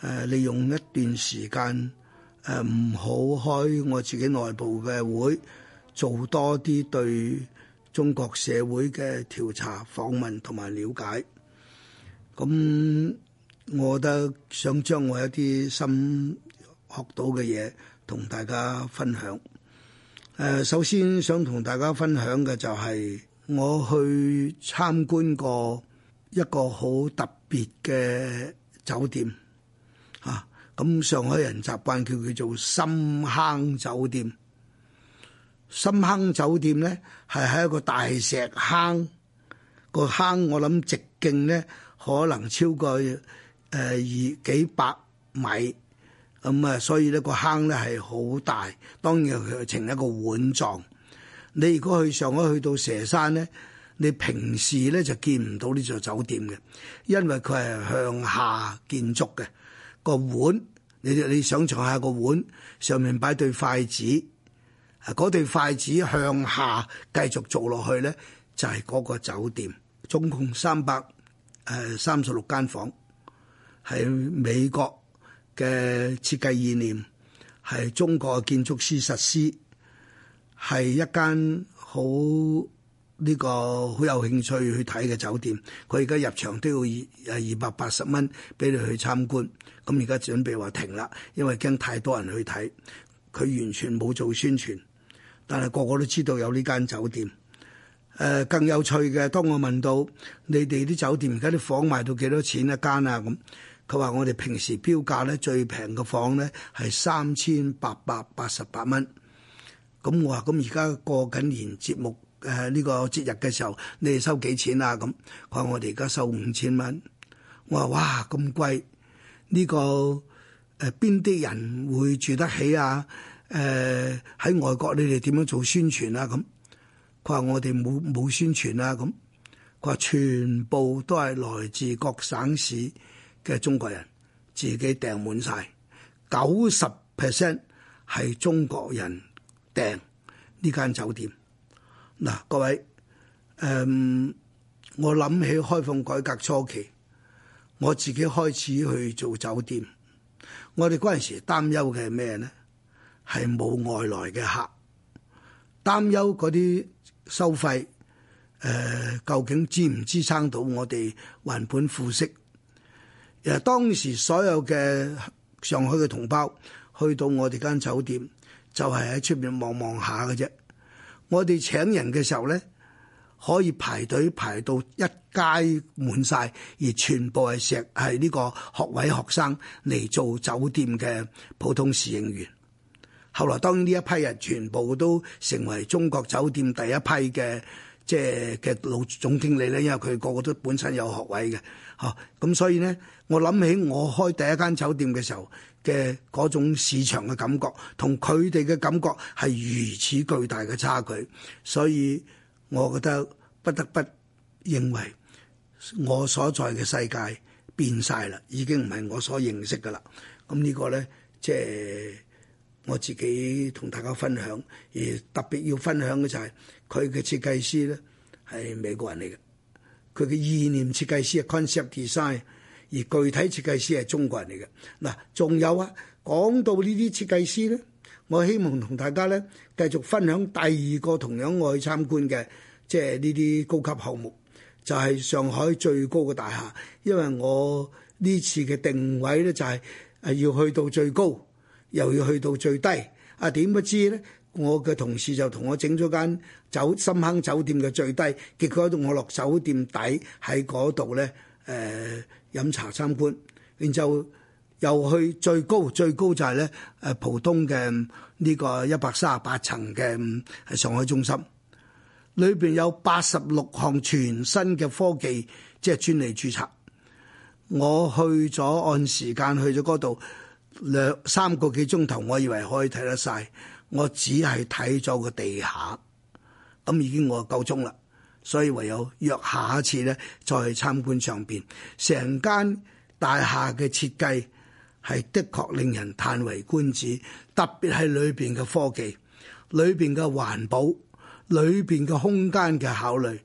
誒利用一段時間，誒唔好開我自己內部嘅會，做多啲對中國社會嘅調查訪問同埋了解。咁，我覺得想將我一啲心學到嘅嘢同大家分享。誒、呃，首先想同大家分享嘅就係、是、我去參觀過一個好特別嘅酒店。咁上海人習慣叫佢做深坑酒店。深坑酒店咧係喺一個大石坑，個坑我諗直徑咧可能超過誒二、呃、幾百米，咁、嗯、啊，所以呢個坑咧係好大。當然佢呈一個碗狀。你如果去上海去到佘山咧，你平時咧就見唔到呢座酒店嘅，因為佢係向下建築嘅。個碗，你你想坐下個碗，上面擺對筷子，嗰對筷子向下繼續做落去咧，就係、是、嗰個酒店，總共三百誒三十六間房，係美國嘅設計意念，係中國嘅建築師實施，係一間好。呢個好有興趣去睇嘅酒店，佢而家入場都要誒二百八十蚊俾你去參觀。咁而家準備話停啦，因為驚太多人去睇。佢完全冇做宣傳，但係個個都知道有呢間酒店。誒、呃，更有趣嘅，當我問到你哋啲酒店而家啲房賣到幾多錢一間啊？咁佢話：我哋平時標價咧最平嘅房咧係三千八百八十八蚊。咁我話：咁而家過緊年節目。誒呢個節日嘅時候，你哋收幾錢啊？咁佢話，我哋而家收五千蚊。我話，哇咁貴，呢個誒邊啲人會住得起啊？誒、呃、喺外國你哋點樣做宣傳啊？咁佢話，我哋冇冇宣傳啊。咁佢話，全部都係來自各省市嘅中國人自己訂滿晒，九十 percent 係中國人訂呢間酒店。嗱，各位，誒、嗯，我諗起開放改革初期，我自己開始去做酒店。我哋嗰陣時擔憂嘅係咩咧？係冇外來嘅客，擔憂嗰啲收費，誒、嗯、究竟支唔支撐到我哋還本付息？誒，當時所有嘅上海嘅同胞去到我哋間酒店，就係喺出面望望下嘅啫。我哋請人嘅時候咧，可以排隊排到一街滿晒，而全部係石係呢個學位學生嚟做酒店嘅普通侍應員。後來當然呢一批人全部都成為中國酒店第一批嘅即係嘅老總經理咧，因為佢個個都本身有學位嘅。嚇，咁所以咧，我諗起我開第一間酒店嘅時候。嘅嗰種市場嘅感覺，同佢哋嘅感覺係如此巨大嘅差距，所以我覺得不得不認為我所在嘅世界變晒啦，已經唔係我所認識噶啦。咁呢個咧，即係我自己同大家分享，而特別要分享嘅就係佢嘅設計師咧係美國人嚟嘅，佢嘅意念設計師係 concept design。而具體設計師係中國人嚟嘅。嗱，仲有啊，講到呢啲設計師咧，我希望同大家咧繼續分享第二個同樣我去參觀嘅，即係呢啲高級項目，就係上海最高嘅大廈。因為我呢次嘅定位咧就係係要去到最高，又要去到最低。啊，點不知咧？我嘅同事就同我整咗間酒深坑酒店嘅最低，結果到我落酒店底喺嗰度咧。誒、呃、飲茶參觀，然之後又去最高，最高就係咧誒，浦東嘅呢個一百三十八層嘅上海中心，裏邊有八十六項全新嘅科技，即係專利註冊。我去咗按時間去咗嗰度兩三個幾鐘頭，我以為可以睇得晒，我只係睇咗個地下，咁、嗯、已經我夠鐘啦。所以唯有約下一次咧，再去參觀上邊。成間大廈嘅設計係的確令人歎為觀止，特別係裏邊嘅科技、裏邊嘅環保、裏邊嘅空間嘅考慮。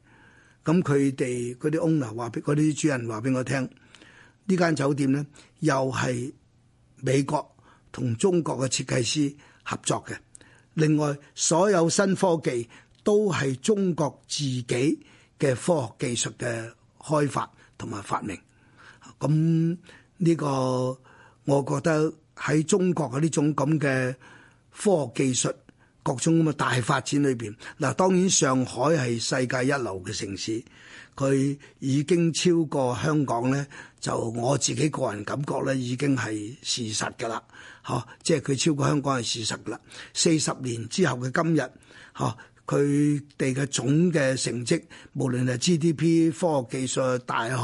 咁佢哋嗰啲 owner 話俾嗰啲主人話俾我聽，呢間酒店咧又係美國同中國嘅設計師合作嘅。另外，所有新科技，都係中國自己嘅科學技術嘅開發同埋發明，咁呢個我覺得喺中國嘅呢種咁嘅科學技術各種咁嘅大發展裏邊，嗱當然上海係世界一流嘅城市，佢已經超過香港咧，就我自己個人感覺咧，已經係事實㗎啦，嚇，即係佢超過香港係事實㗎啦。四十年之後嘅今日，嚇。佢哋嘅總嘅成績，無論係 GDP、科學技術、大學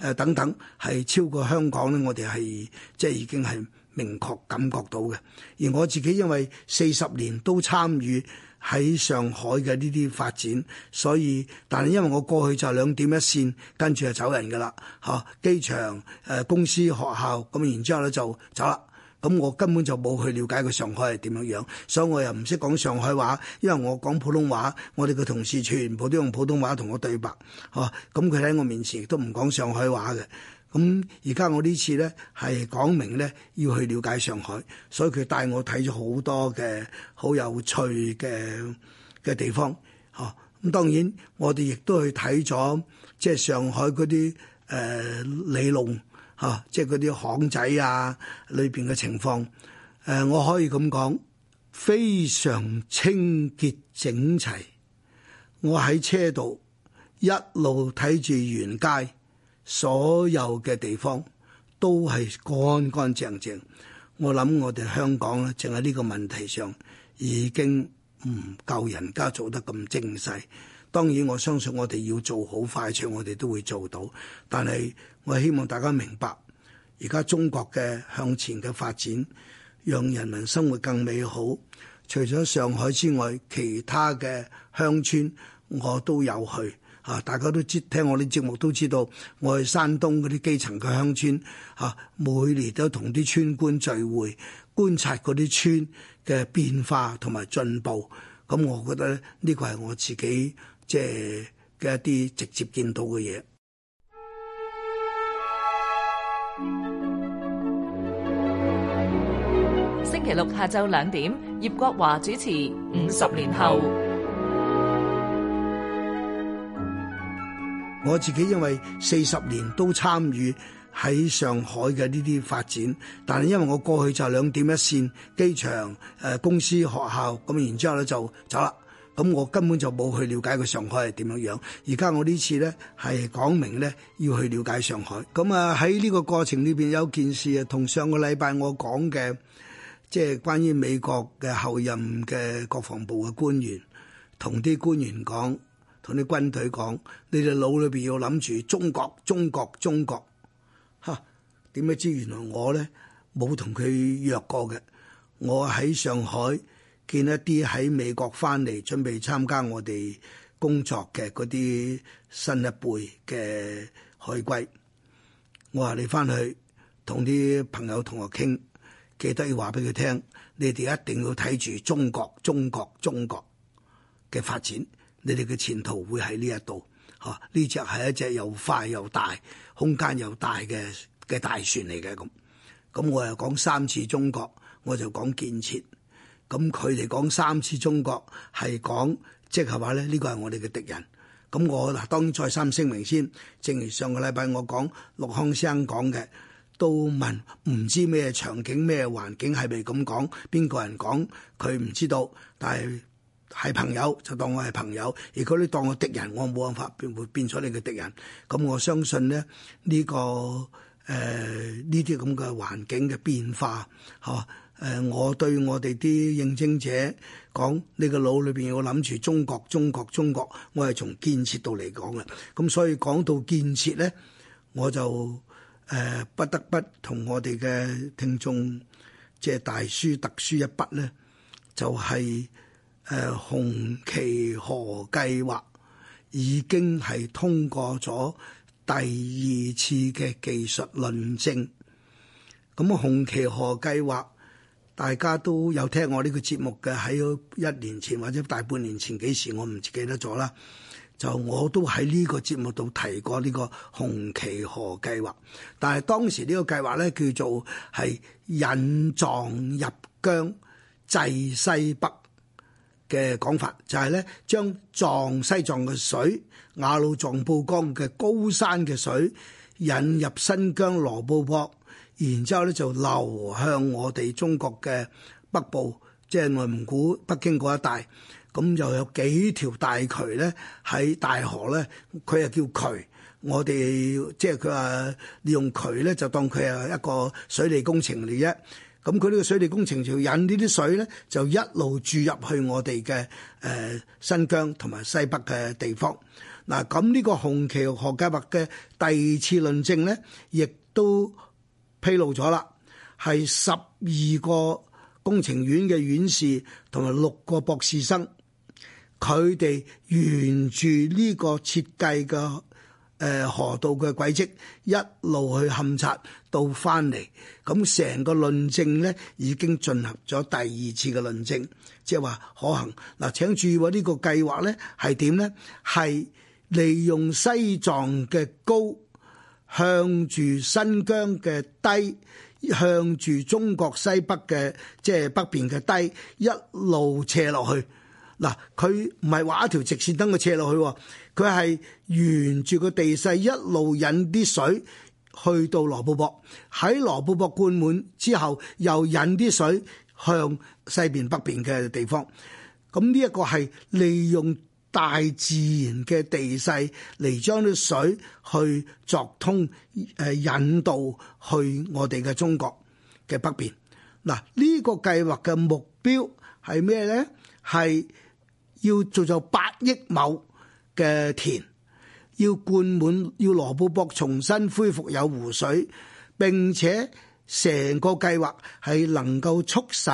誒等等，係超過香港咧。我哋係即係已經係明確感覺到嘅。而我自己因為四十年都參與喺上海嘅呢啲發展，所以但係因為我過去就係兩點一線跟住就，就走人噶啦，嚇，機場誒公司學校咁，然之後咧就走啦。咁我根本就冇去了解過上海係點樣樣，所以我又唔識講上海話，因為我講普通話，我哋嘅同事全部都用普通話同我對白，嚇，咁佢喺我面前亦都唔講上海話嘅。咁而家我呢次咧係講明咧要去了解上海，所以佢帶我睇咗好多嘅好有趣嘅嘅地方，嚇。咁、嗯、當然我哋亦都去睇咗即係上海嗰啲誒里弄。啊！即係嗰啲巷仔啊，裏邊嘅情況，誒、呃，我可以咁講，非常清潔整齊。我喺車度一路睇住沿街所有嘅地方都係乾乾淨淨。我諗我哋香港咧，淨係呢個問題上已經唔夠人家做得咁精細。當然，我相信我哋要做好快脆，我哋都會做到。但係，我希望大家明白，而家中國嘅向前嘅發展，讓人民生活更美好。除咗上海之外，其他嘅鄉村我都有去啊！大家都知，聽我啲節目都知道，我去山東嗰啲基層嘅鄉村啊，每年都同啲村官聚會，觀察嗰啲村嘅變化同埋進步。咁我覺得呢個係我自己。即係嘅一啲直接見到嘅嘢。星期六下晝兩點，葉國華主持《五十年後》五十年後。我自己因為四十年都參與喺上海嘅呢啲發展，但係因為我過去就係兩點一線機場、誒公司、學校，咁然之後咧就走啦。咁我根本就冇去了解過上海係點樣樣，而家我呢次咧，係講明咧要去了解上海。咁啊喺呢個過程裏邊有件事啊，同上個禮拜我講嘅，即係關於美國嘅候任嘅國防部嘅官員，同啲官員講，同啲軍隊講，你哋腦裏邊要諗住中國、中國、中國。吓，點解知原來我咧冇同佢約過嘅？我喺上海。見一啲喺美國翻嚟準備參加我哋工作嘅嗰啲新一輩嘅海歸，我話你翻去同啲朋友同學傾，記得要話俾佢聽，你哋一定要睇住中國，中國，中國嘅發展，你哋嘅前途會喺呢、啊、一度，嚇呢只係一隻又快又大，空間又大嘅嘅大船嚟嘅咁，咁我又講三次中國，我就講建設。咁佢哋講三次中國係講，即係話咧呢個係我哋嘅敵人。咁我嗱，當然再三聲明先。正如上個禮拜我講，陸康生講嘅，都問唔知咩場景、咩環境係咪咁講？邊個人講？佢唔知道。但係係朋友就當我係朋友。如果你當我敵人，我冇辦法變會變咗你嘅敵人。咁我相信咧，呢、這個誒呢啲咁嘅環境嘅變化，吓。誒，我對我哋啲應徵者講，呢、這個腦裏邊要諗住中國，中國，中國。我係從建設度嚟講嘅。咁所以講到建設咧，我就誒不得不同我哋嘅聽眾借大書特書一筆咧，就係誒紅旗河計劃已經係通過咗第二次嘅技術論證。咁啊，紅旗河計劃。大家都有聽我呢個節目嘅，喺一年前或者大半年前幾時，我唔記得咗啦。就我都喺呢個節目度提過呢個紅旗河計劃，但係當時呢個計劃咧叫做係引藏入疆濟西北嘅講法，就係咧將藏西藏嘅水，雅魯藏布江嘅高山嘅水引入新疆羅布泊。然之後咧就流向我哋中國嘅北部，即係內蒙古、北京嗰一帶。咁就有幾條大渠咧喺大河咧，佢又叫渠。我哋即係佢話利用渠咧就當佢係一個水利工程嚟啫。咁佢呢個水利工程就引呢啲水咧，就一路注入去我哋嘅誒新疆同埋西北嘅地方。嗱，咁呢個紅旗河計劃嘅第二次論證咧，亦都，披露咗啦，係十二個工程院嘅院士同埋六個博士生，佢哋沿住呢個設計嘅誒、呃、河道嘅軌跡一路去勘察到翻嚟，咁成個論證咧已經進行咗第二次嘅論證，即係話可行。嗱，請注意喎，呢、這個計劃咧係點咧？係利用西藏嘅高。向住新疆嘅低，向住中國西北嘅即係北邊嘅低，一路斜落去。嗱，佢唔係話一條直線等佢斜落去，佢係沿住個地勢一路引啲水去到羅布泊，喺羅布泊灌滿之後又引啲水向西邊北邊嘅地方。咁呢一個係利用。大自然嘅地勢嚟，將啲水去作通，誒，引導去我哋嘅中國嘅北邊。嗱，呢個計劃嘅目標係咩咧？係要做做八億畝嘅田，要灌滿，要羅布泊重新恢復有湖水，並且成個計劃係能夠促使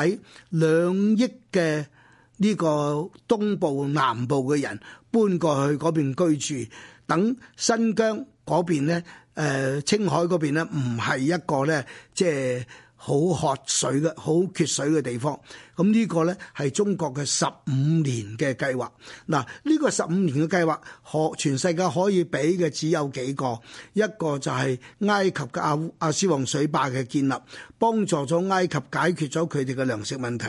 兩億嘅。呢個東部南部嘅人搬過去嗰邊居住，等新疆嗰邊咧，誒、呃、青海嗰邊咧，唔係一個咧，即係。好渴水嘅好缺水嘅地方，咁、這、呢個呢，係中國嘅十五年嘅計劃。嗱、這個，呢個十五年嘅計劃可全世界可以俾嘅只有幾個，一個就係埃及嘅阿阿斯旺水壩嘅建立，幫助咗埃及解決咗佢哋嘅糧食問題；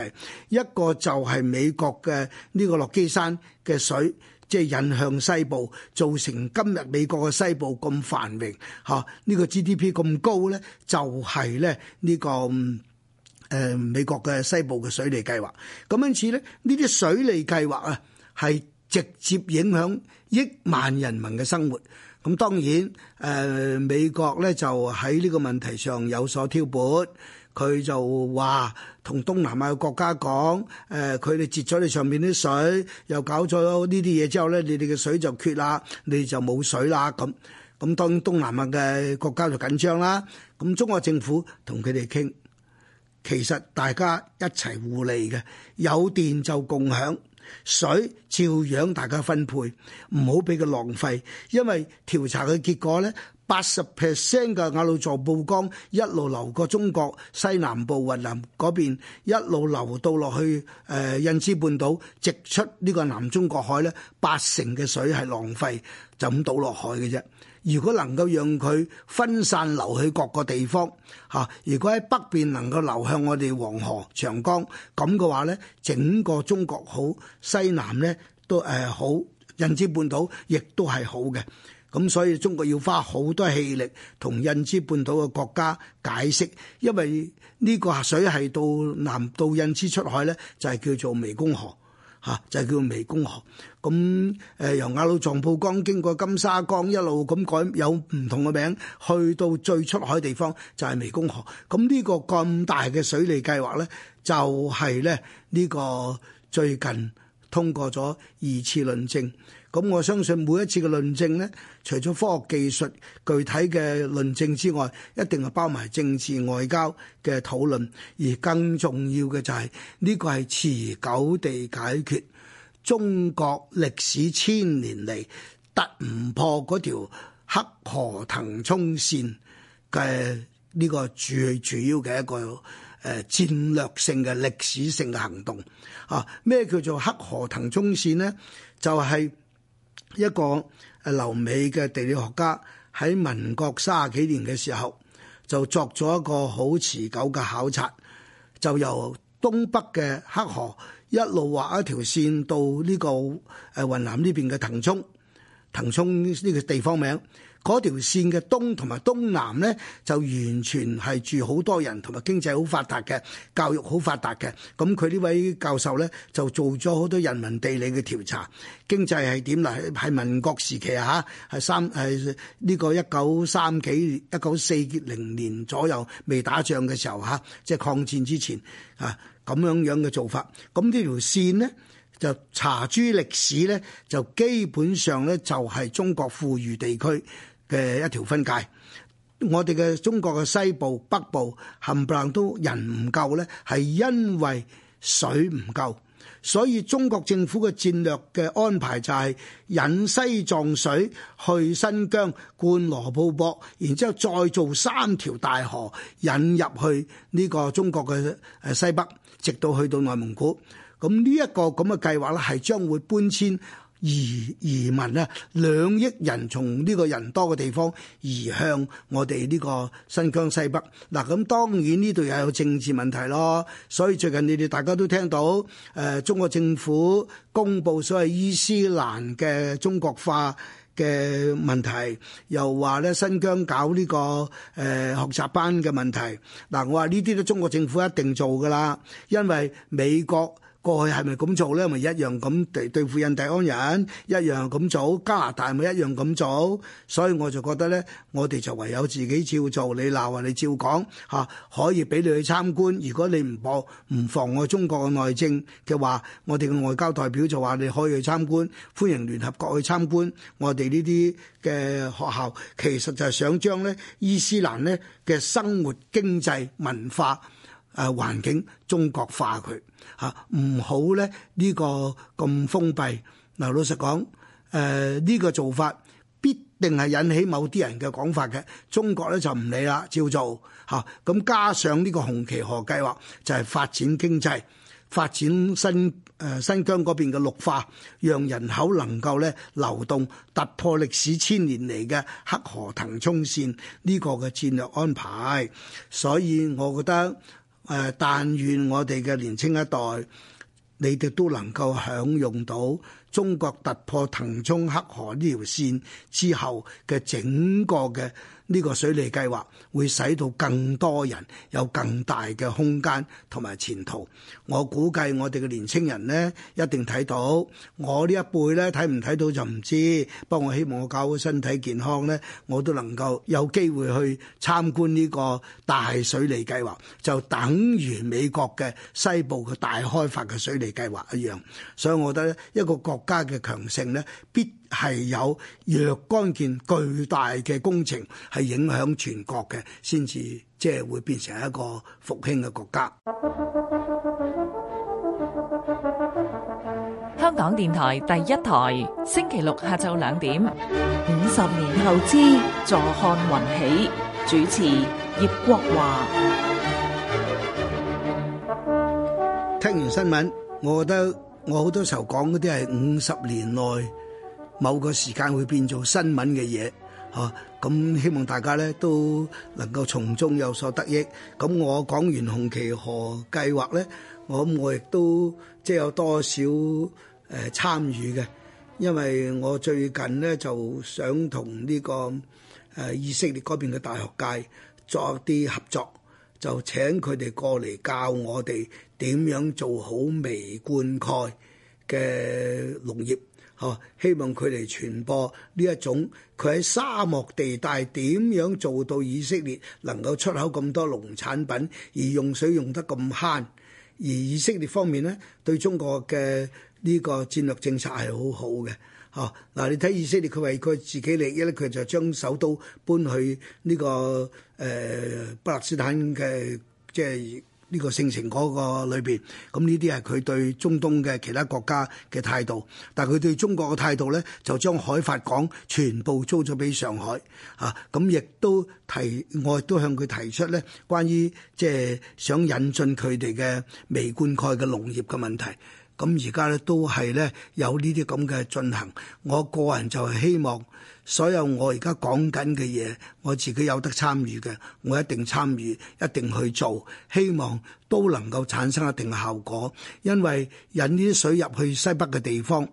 一個就係美國嘅呢、這個落基山嘅水。即係引向西部，造成今日美國嘅西部咁繁榮嚇，啊這個、呢個 GDP 咁高咧，就係咧呢個誒、呃、美國嘅西部嘅水利計劃。咁因此咧，呢啲水利計劃啊，係直接影響億萬人民嘅生活。咁當然誒、呃，美國咧就喺呢個問題上有所挑撥。佢就話同東南亞國家講，誒佢哋截咗你上面啲水，又搞咗呢啲嘢之後咧，你哋嘅水就缺啦，你就冇水啦。咁咁當然東南亞嘅國家就緊張啦。咁中國政府同佢哋傾，其實大家一齊互利嘅，有電就共享，水照樣大家分配，唔好俾佢浪費，因為調查嘅結果咧。八十 percent 嘅雅魯藏布江一路流過中國西南部雲南嗰邊，一路流到落去誒印支半島，直出呢個南中國海咧，八成嘅水係浪費，就咁倒落海嘅啫。如果能夠讓佢分散流去各個地方吓，如果喺北邊能夠流向我哋黃河、長江，咁嘅話咧，整個中國好，西南咧都誒好，印支半島亦都係好嘅。咁所以中國要花好多氣力同印支半島嘅國家解釋，因為呢個水係到南到印支出海咧，就係叫做湄公河，吓、啊，就係叫做湄公河。咁誒、呃、由雅魯藏布江經過金沙江一路咁改有唔同嘅名，去到最出海地方就係湄公河。咁呢個咁大嘅水利計劃咧，就係、是、咧呢、這個最近，通過咗二次論證，咁我相信每一次嘅論證呢，除咗科學技術具體嘅論證之外，一定係包埋政治外交嘅討論，而更重要嘅就係呢個係持久地解決中國歷史千年嚟突唔破嗰條黑河騰沖線嘅呢個最主要嘅一個。誒戰略性嘅歷史性嘅行動啊！咩叫做黑河騰沖線呢？就係、是、一個誒留美嘅地理學家喺民國卅幾年嘅時候就作咗一個好持久嘅考察，就由東北嘅黑河一路畫一條線到呢個誒雲南呢邊嘅騰沖，騰沖呢個地方名。嗰條線嘅東同埋東南咧，就完全係住好多人，同埋經濟好發達嘅，教育好發達嘅。咁佢呢位教授咧，就做咗好多人民地理嘅調查。經濟係點啦？喺民國時期啊，嚇係三係呢個一九三幾年一九四零年左右未打仗嘅時候嚇，即係抗戰之前啊咁樣樣嘅做法。咁呢條線咧？就查諸歷史咧，就基本上咧就係中國富裕地區嘅一條分界。我哋嘅中國嘅西部、北部冚唪唥都人唔夠咧，係因為水唔夠。所以中國政府嘅戰略嘅安排就係引西藏水去新疆灌羅布泊，然之後再做三條大河引入去呢個中國嘅誒西北，直到去到內蒙古。咁呢一個咁嘅計劃咧，係將會搬遷移移，移民啊，兩億人從呢個人多嘅地方移向我哋呢個新疆西北。嗱，咁當然呢度又有政治問題咯。所以最近你哋大家都聽到，誒、呃、中國政府公布所謂伊斯蘭嘅中國化嘅問題，又話咧新疆搞呢、這個誒、呃、學習班嘅問題。嗱，我話呢啲都中國政府一定做㗎喇，因為美國。過去係咪咁做呢？咪一樣咁對對付印第安人，一樣咁做加拿大咪一樣咁做？所以我就覺得呢，我哋就唯有自己照做。你鬧話你照講嚇，可以俾你去參觀。如果你唔妨唔妨我中國嘅內政嘅話，我哋嘅外交代表就話你可以去參觀，歡迎聯合國去參觀我哋呢啲嘅學校。其實就係想將呢伊斯蘭呢嘅生活、經濟、文化。誒，環境中國化佢吓，唔、啊、好咧呢，這個咁封閉。嗱、啊，老實講，誒、呃、呢、這個做法必定係引起某啲人嘅講法嘅。中國咧就唔理啦，照做吓。咁、啊啊、加上呢個紅旗河計劃，就係發展經濟，發展新誒、呃、新疆嗰邊嘅綠化，讓人口能夠咧流動，突破歷史千年嚟嘅黑河騰沖線呢，這個嘅戰略安排。所以我覺得。誒但願我哋嘅年青一代，你哋都能夠享用到。中國突破騰沖黑河呢條線之後嘅整個嘅呢個水利計劃，會使到更多人有更大嘅空間同埋前途。我估計我哋嘅年青人呢，一定睇到，我呢一輩呢，睇唔睇到就唔知。不過我希望我搞好身體健康呢，我都能夠有機會去參觀呢個大水利計劃，就等於美國嘅西部嘅大開發嘅水利計劃一樣。所以我覺得一個國國家嘅強盛呢，必係有若干件巨大嘅工程係影響全國嘅，先至即係會變成一個復興嘅國家。香港電台第一台，星期六下晝兩點，五十年後，坐看雲起，主持葉國華。聽完新聞，我都。我好多時候講嗰啲係五十年內某個時間會變做新聞嘅嘢，嚇、啊、咁希望大家咧都能夠從中有所得益。咁、啊、我講完紅旗河計劃咧，我諗我亦都即係有多少誒參與嘅，因為我最近咧就想同呢個誒以色列嗰邊嘅大學界作一啲合作。就請佢哋過嚟教我哋點樣做好微灌溉嘅農業，呵！希望佢哋傳播呢一種佢喺沙漠地帶點樣做到以色列能夠出口咁多農產品，而用水用得咁慳。而以色列方面呢，對中國嘅呢個戰略政策係好好嘅。哦，嗱你睇以色列，佢為佢自己利益咧，佢就將首都搬去呢個誒巴勒斯坦嘅即係呢個聖城嗰個裏邊。咁呢啲係佢對中東嘅其他國家嘅態度，但係佢對中國嘅態度咧，就將海法港全部租咗俾上海。啊，咁亦都提我亦都向佢提出咧，關於即係想引進佢哋嘅微灌溉嘅農業嘅問題。咁而家咧都係咧有呢啲咁嘅進行，我個人就係希望所有我而家講緊嘅嘢，我自己有得參與嘅，我一定參與，一定去做，希望都能夠產生一定效果，因為引呢啲水入去西北嘅地方，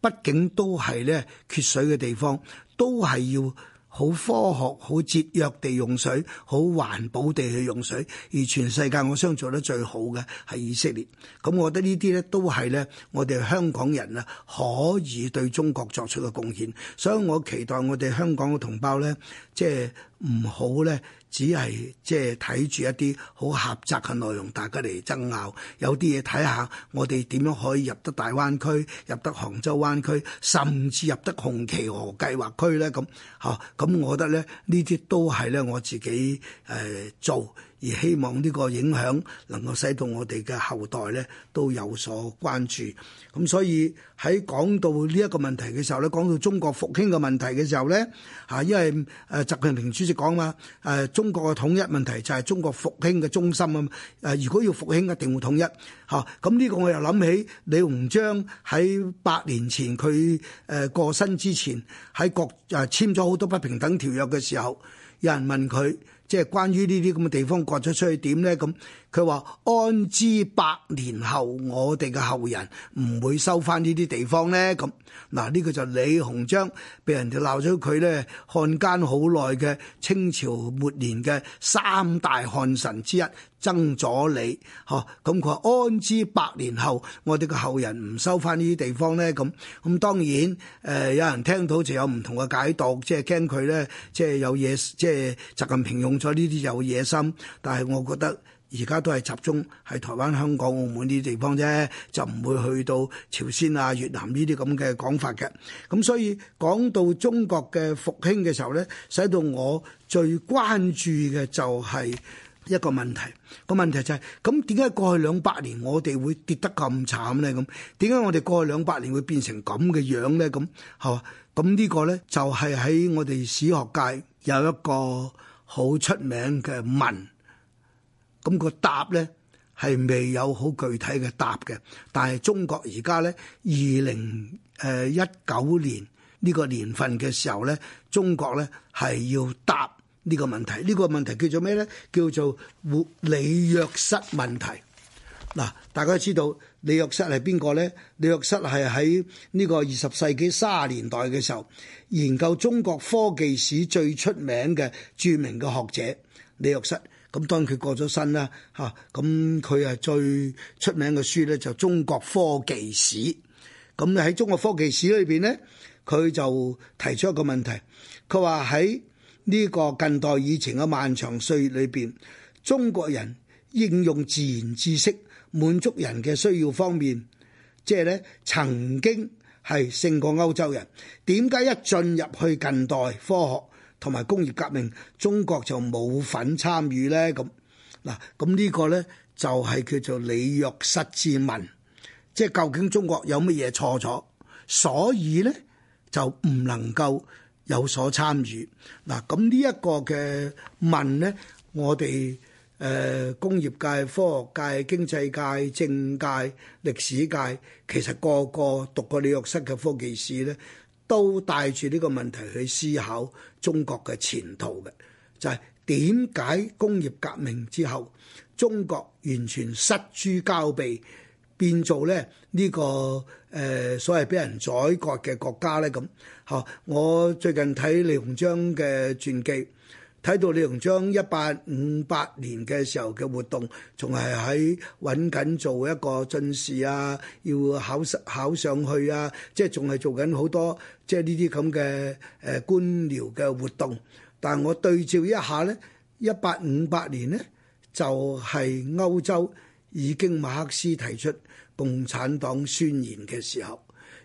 畢竟都係咧缺水嘅地方，都係要。好科學、好節約地用水、好環保地去用水，而全世界我相信做得最好嘅係以色列。咁我覺得呢啲咧都係咧，我哋香港人啊可以對中國作出嘅貢獻。所以我期待我哋香港嘅同胞咧，即係唔好咧。只係即係睇住一啲好狹窄嘅內容，大家嚟爭拗。有啲嘢睇下，我哋點樣可以入得大灣區、入得杭州灣區，甚至入得紅旗河計劃區咧？咁嚇，咁我覺得咧，呢啲都係咧我自己誒、呃、做。而希望呢個影響能夠使到我哋嘅後代咧都有所關注。咁所以喺講到呢一個問題嘅時候咧，講到中國復興嘅問題嘅時候咧，嚇，因為誒習近平主席講啊嘛，誒中國嘅統一問題就係中國復興嘅中心啊。誒如果要復興，一定會統一嚇。咁呢個我又諗起李鴻章喺百年前佢誒過身之前喺國誒簽咗好多不平等條約嘅時候，有人問佢。即係關於呢啲咁嘅地方割咗出去點咧？咁佢話安知百年後我哋嘅後人唔會收翻呢啲地方咧？咁嗱，呢個就李鴻章俾人哋鬧咗佢咧，漢奸，好耐嘅清朝末年嘅三大漢臣之一。爭咗你，嗬、啊！咁佢話安知百年後，我哋嘅後人唔收翻呢啲地方咧。咁咁當然，誒、呃、有人聽到就有唔同嘅解讀，即係驚佢咧，即、就、係、是、有嘢，即、就、係、是、習近平用咗呢啲有野心。但係我覺得而家都係集中喺台灣、香港、澳門呢啲地方啫，就唔會去到朝鮮啊、越南呢啲咁嘅講法嘅。咁所以講到中國嘅復興嘅時候咧，使到我最關注嘅就係、是、一個問題，個問題就係咁，點解過去兩百年我哋會跌得咁慘咧？咁點解我哋過去兩百年會變成咁嘅樣咧？咁係咁，呢個咧就係、是、喺我哋史學界有一個好出名嘅問，咁、那個答咧係未有好具體嘅答嘅。但係中國而家咧二零誒一九年呢個年份嘅時候咧，中國咧係要答。呢個問題，呢個問題叫做咩呢？叫做李約瑟問題。嗱，大家知道李約瑟係邊個呢？李約瑟係喺呢個二十世紀三十年代嘅時候，研究中國科技史最出名嘅著名嘅學者李約瑟。咁當佢過咗身啦，嚇，咁佢係最出名嘅書呢，就《中國科技史》。咁喺《中國科技史》裏邊呢，佢就提出一個問題，佢話喺呢個近代以前嘅漫長歲月裏邊，中國人應用自然知識滿足人嘅需要方面，即係咧曾經係勝過歐洲人。點解一進入去近代科學同埋工業革命，中國就冇份參與呢？咁嗱，咁呢個呢，就係、是、叫做李約瑟之問，即係究竟中國有乜嘢錯咗？所以呢，就唔能夠。有所參與嗱，咁呢一個嘅問呢，我哋誒、呃、工業界、科學界、經濟界、政界、歷史界，其實個個讀過李約瑟嘅科技史呢，都帶住呢個問題去思考中國嘅前途嘅，就係點解工業革命之後，中國完全失諸交臂。變做咧呢個誒所謂俾人宰割嘅國家咧咁，嚇！我最近睇李鴻章嘅傳記，睇到李鴻章一八五八年嘅時候嘅活動，仲係喺揾緊做一個進士啊，要考考上去啊，即係仲係做緊好多即係呢啲咁嘅誒官僚嘅活動。但係我對照一下咧，一八五八年咧就係歐洲。已經馬克思提出共產黨宣言嘅時候，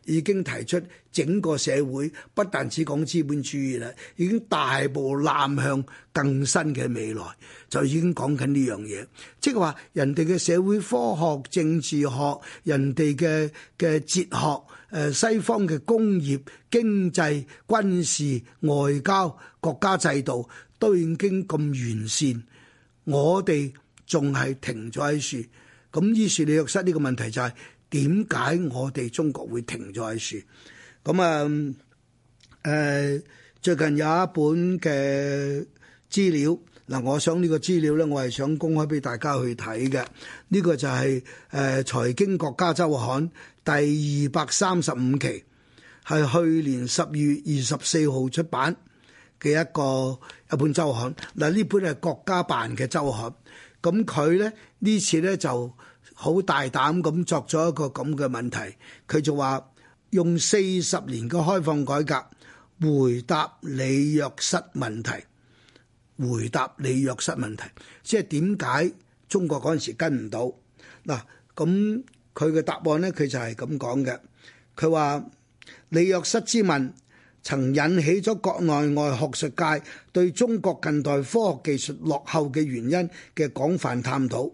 已經提出整個社會不但只講資本主義啦，已經大步邁向更新嘅未來，就已經講緊呢樣嘢，即係話人哋嘅社會科學、政治學、人哋嘅嘅哲學、誒西方嘅工業、經濟、軍事、外交、國家制度都已經咁完善，我哋，仲係停咗喺樹，咁於是李約瑟呢個問題就係點解我哋中國會停咗喺樹？咁啊，誒、嗯呃、最近有一本嘅資料，嗱、呃，我想呢個資料咧，我係想公開俾大家去睇嘅。呢、這個就係、是、誒、呃、財經國家周刊第二百三十五期，係去年十月二十四號出版嘅一個一本周刊。嗱、呃，呢本係國家辦嘅周刊。咁佢咧呢次咧就好大膽咁作咗一個咁嘅問題，佢就話用四十年嘅開放改革回答李約瑟問題，回答李約瑟問題，即係點解中國嗰陣時跟唔到嗱？咁佢嘅答案咧，佢就係咁講嘅。佢話李約瑟之問。曾引起咗國內外學術界對中國近代科學技術落後嘅原因嘅廣泛探討，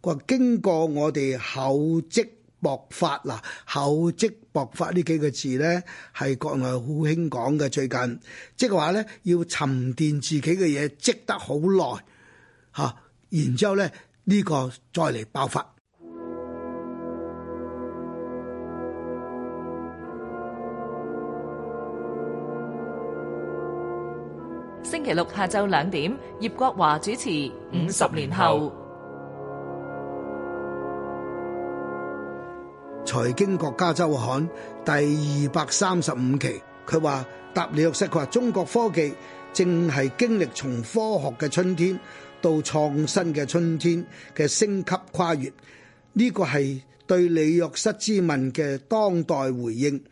佢經過我哋厚積薄發，嗱、啊，厚積薄發呢幾個字咧係國內好興講嘅最近，即係話咧要沉澱自己嘅嘢積得好耐嚇，然之後咧呢、這個再嚟爆發。第六下晝兩點，葉國華主持《五十年後》財 經國家周刊第二百三十五期。佢話答李約瑟，佢話中國科技正係經歷從科學嘅春天到創新嘅春天嘅升級跨越。呢、這個係對李約瑟之問嘅當代回應，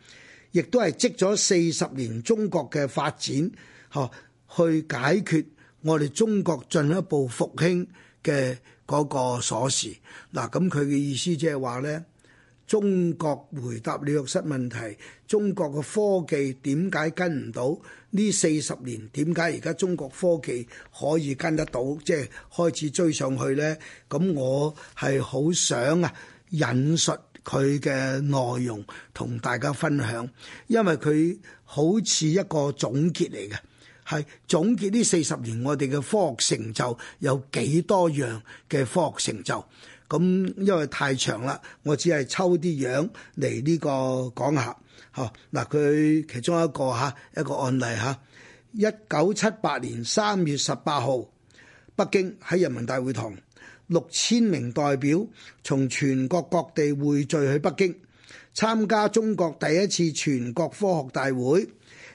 亦都係積咗四十年中國嘅發展。嗬。去解決我哋中國進一步復興嘅嗰個鎖匙嗱，咁佢嘅意思即係話呢，中國回答李約瑟問題，中國嘅科技點解跟唔到？呢四十年點解而家中國科技可以跟得到，即係開始追上去呢？咁我係好想啊引述佢嘅內容同大家分享，因為佢好似一個總結嚟嘅。係總結呢四十年我哋嘅科學成就有幾多樣嘅科學成就？咁因為太長啦，我只係抽啲樣嚟呢個講下吓。嗱，佢其中一個吓一個案例吓，一九七八年三月十八號，北京喺人民大會堂，六千名代表從全國各地匯聚去北京參加中國第一次全國科學大會。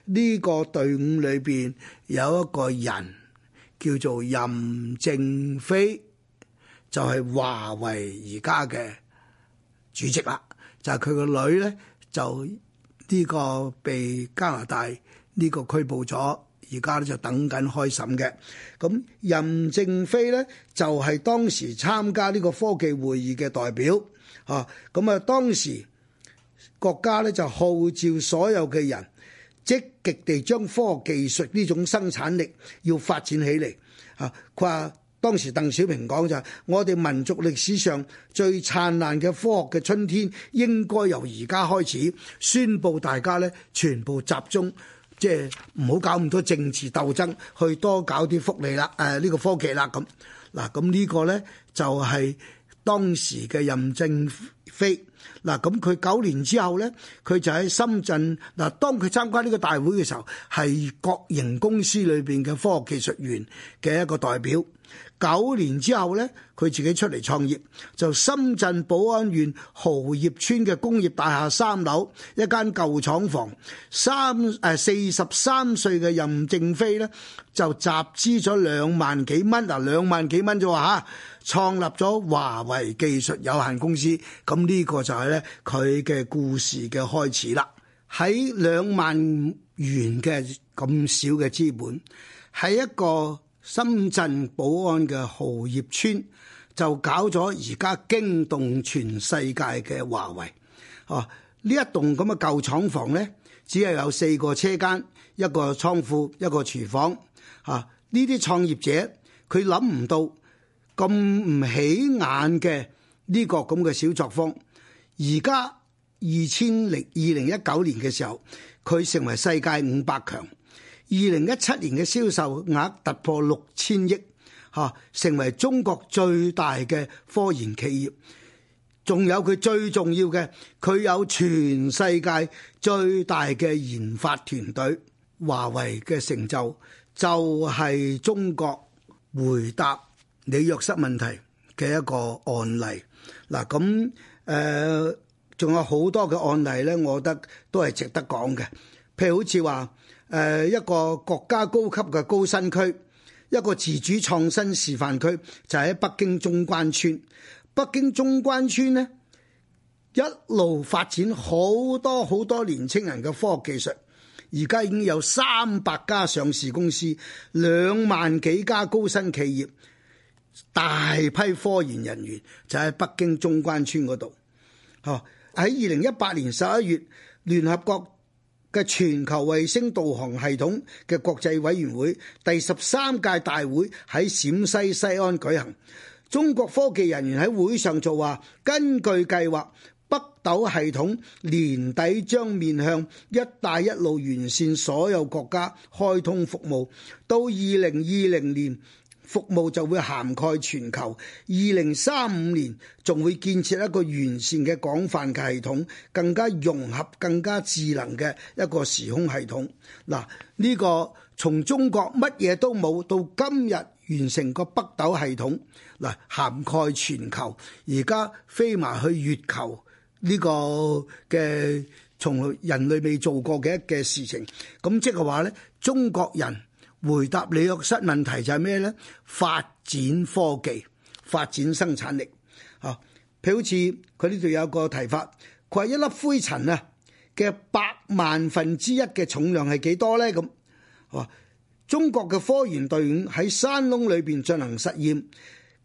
呢個隊伍裏邊有一個人叫做任正非，就係華為而家嘅主席啦。就係佢個女咧，就呢個被加拿大呢個拘捕咗，而家咧就等緊開審嘅。咁任正非咧就係當時參加呢個科技會議嘅代表啊。咁啊，當時國家咧就號召所有嘅人。積極地將科學技術呢種生產力要發展起嚟，嚇，佢話當時鄧小平講，就係我哋民族歷史上最燦爛嘅科學嘅春天應該由而家開始，宣布大家咧全部集中，即係唔好搞咁多政治鬥爭，去多搞啲福利啦，誒呢個科技啦咁，嗱咁呢個咧就係、是。當時嘅任正非，嗱咁佢九年之後咧，佢就喺深圳嗱，當佢參加呢個大會嘅時候，係國營公司裏邊嘅科學技術員嘅一個代表。九年之後咧，佢自己出嚟創業，就深圳寶安縣豪業村嘅工業大廈三樓一間舊廠房。三誒四十三歲嘅任正非咧，就集資咗兩萬幾蚊，嗱兩萬幾蚊啫喎嚇。創立咗華為技術有限公司，咁呢個就係咧佢嘅故事嘅開始啦。喺兩萬元嘅咁少嘅資本，喺一個深圳寶安嘅蚝業村，就搞咗而家驚動全世界嘅華為。哦、啊，呢一棟咁嘅舊廠房呢，只係有四個車間、一個倉庫、一個廚房。啊，呢啲創業者佢諗唔到。咁唔起眼嘅呢個咁嘅小作坊，而家二千零二零一九年嘅時候，佢成為世界五百強。二零一七年嘅銷售額突破六千億，吓，成為中國最大嘅科研企業。仲有佢最重要嘅，佢有全世界最大嘅研發團隊。華為嘅成就就係中國回答。李約瑟問題嘅一個案例嗱，咁誒仲有好多嘅案例呢，我覺得都係值得講嘅。譬如好似話誒一個國家高級嘅高新區，一個自主創新示範區，就喺北京中關村。北京中關村呢，一路發展好多好多年青人嘅科學技術，而家已經有三百家上市公司，兩萬幾家高新企業，大批科研人員就喺北京中關村嗰度。哦，喺二零一八年十一月，聯合國嘅全球衛星導航系統嘅國際委員會第十三屆大會喺陝西西安舉行。中國科技人員喺會上就話，根據計劃，北斗系統年底將面向「一帶一路」沿綫所有國家開通服務，到二零二零年。服務就會涵蓋全球，二零三五年仲會建設一個完善嘅廣泛嘅系統，更加融合、更加智能嘅一個時空系統。嗱，呢個從中國乜嘢都冇到今日完成個北斗系統，嗱涵蓋全球，而家飛埋去月球呢個嘅從人類未做過嘅一嘅事情，咁即係話呢，中國人。回答李約瑟問題就係咩咧？發展科技，發展生產力。啊，譬如好似佢呢度有個提法，佢話一粒灰塵啊嘅百萬分之一嘅重量係幾多咧？咁啊，中國嘅科研隊伍喺山窿裏邊進行實驗，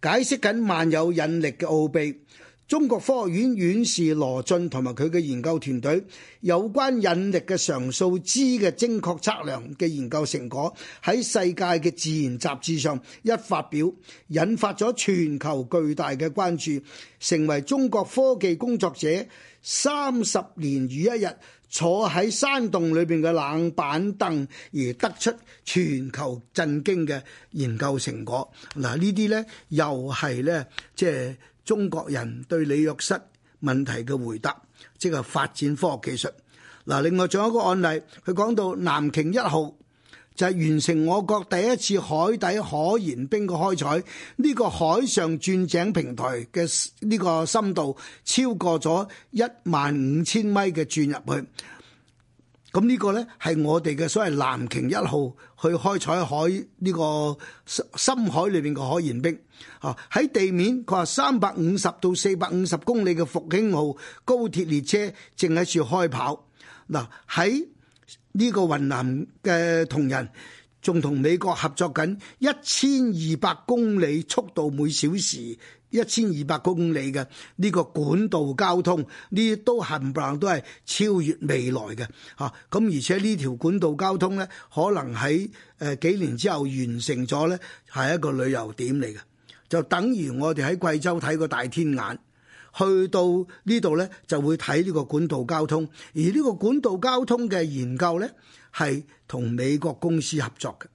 解釋緊萬有引力嘅奧秘。中國科學院院士羅俊同埋佢嘅研究團隊有關引力嘅常數 G 嘅精確測量嘅研究成果，喺世界嘅自然雜誌上一發表，引發咗全球巨大嘅關注，成為中國科技工作者三十年如一日坐喺山洞裏邊嘅冷板凳而得出全球震驚嘅研究成果。嗱，呢啲呢又係呢，即係，就是中國人對李約瑟問題嘅回答，即係發展科學技術。嗱，另外仲有一個案例，佢講到藍鯨一號就係完成我國第一次海底可燃冰嘅開採，呢個海上鑽井平台嘅呢個深度超過咗一萬五千米嘅鑽入去。咁呢個呢，係我哋嘅所謂藍鯨一號去開採海呢個深海裏邊嘅海鹽冰。啊！喺地面佢話三百五十到四百五十公里嘅復興號高鐵列車正喺處開跑。嗱，喺呢個雲南嘅同仁，仲同美國合作緊一千二百公里速度每小時。一千二百公里嘅呢個管道交通，呢啲都冚唪唥都係超越未來嘅嚇。咁、啊、而且呢條管道交通呢，可能喺誒、呃、幾年之後完成咗呢，係一個旅遊點嚟嘅。就等於我哋喺貴州睇個大天眼，去到呢度呢，就會睇呢個管道交通。而呢個管道交通嘅研究呢，係同美國公司合作嘅，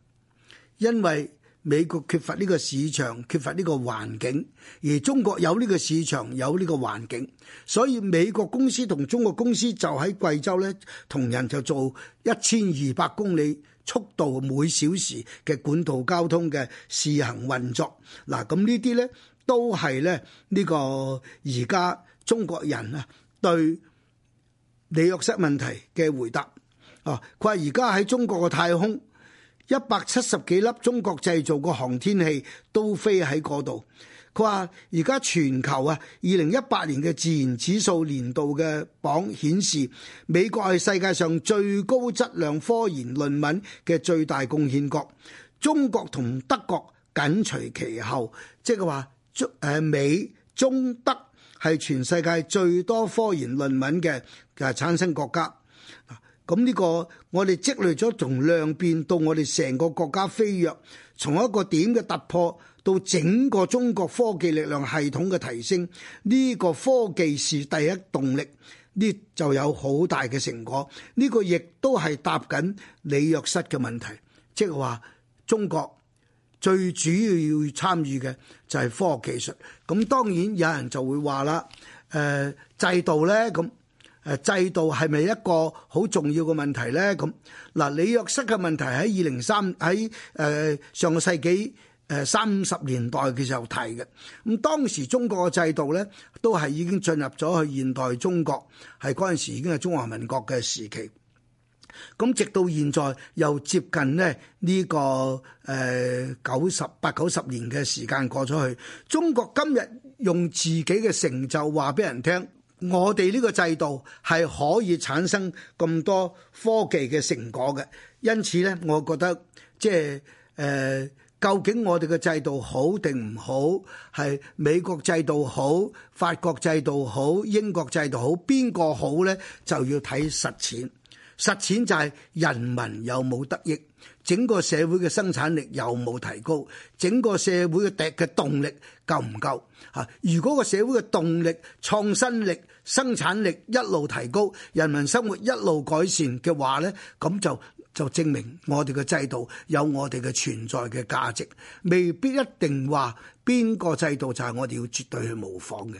因為，美國缺乏呢個市場，缺乏呢個環境，而中國有呢個市場，有呢個環境，所以美國公司同中國公司就喺貴州咧，同人就做一千二百公里速度每小時嘅管道交通嘅試行運作。嗱，咁呢啲咧都係咧呢個而家中國人啊對李約瑟問題嘅回答。啊，佢話而家喺中國嘅太空。一百七十幾粒中國製造個航天器都飛喺嗰度。佢話而家全球啊，二零一八年嘅自然指數年度嘅榜顯示，美國係世界上最高質量科研論文嘅最大貢獻國，中國同德國緊隨其後。即係佢話美中德係全世界最多科研論文嘅誒產生國家。咁呢個我哋積累咗從量變到我哋成個國家飛躍，從一個點嘅突破到整個中國科技力量系統嘅提升，呢、這個科技是第一動力，呢就有好大嘅成果。呢、這個亦都係答緊李約瑟嘅問題，即係話中國最主要要參與嘅就係科學技術。咁當然有人就會話啦，誒、呃、制度呢。咁。誒制度係咪一個好重要嘅問題呢？咁嗱，李約瑟嘅問題喺二零三喺誒上個世紀誒三十年代嘅時候提嘅。咁當時中國嘅制度呢，都係已經進入咗去現代中國，係嗰陣時已經係中華民國嘅時期。咁直到現在又接近咧呢、這個誒九十八九十年嘅時間過咗去，中國今日用自己嘅成就話俾人聽。我哋呢個制度係可以產生咁多科技嘅成果嘅，因此呢，我覺得即係、呃、究竟我哋嘅制度好定唔好，係美國制度好、法國制度好、英國制度好，邊個好呢？就要睇實踐，實踐就係人民有冇得益。整個社會嘅生產力有冇提高？整個社會嘅嘅動力夠唔夠？嚇！如果個社會嘅動力、創新力、生產力一路提高，人民生活一路改善嘅話呢，咁就就證明我哋嘅制度有我哋嘅存在嘅價值，未必一定話邊個制度就係我哋要絕對去模仿嘅。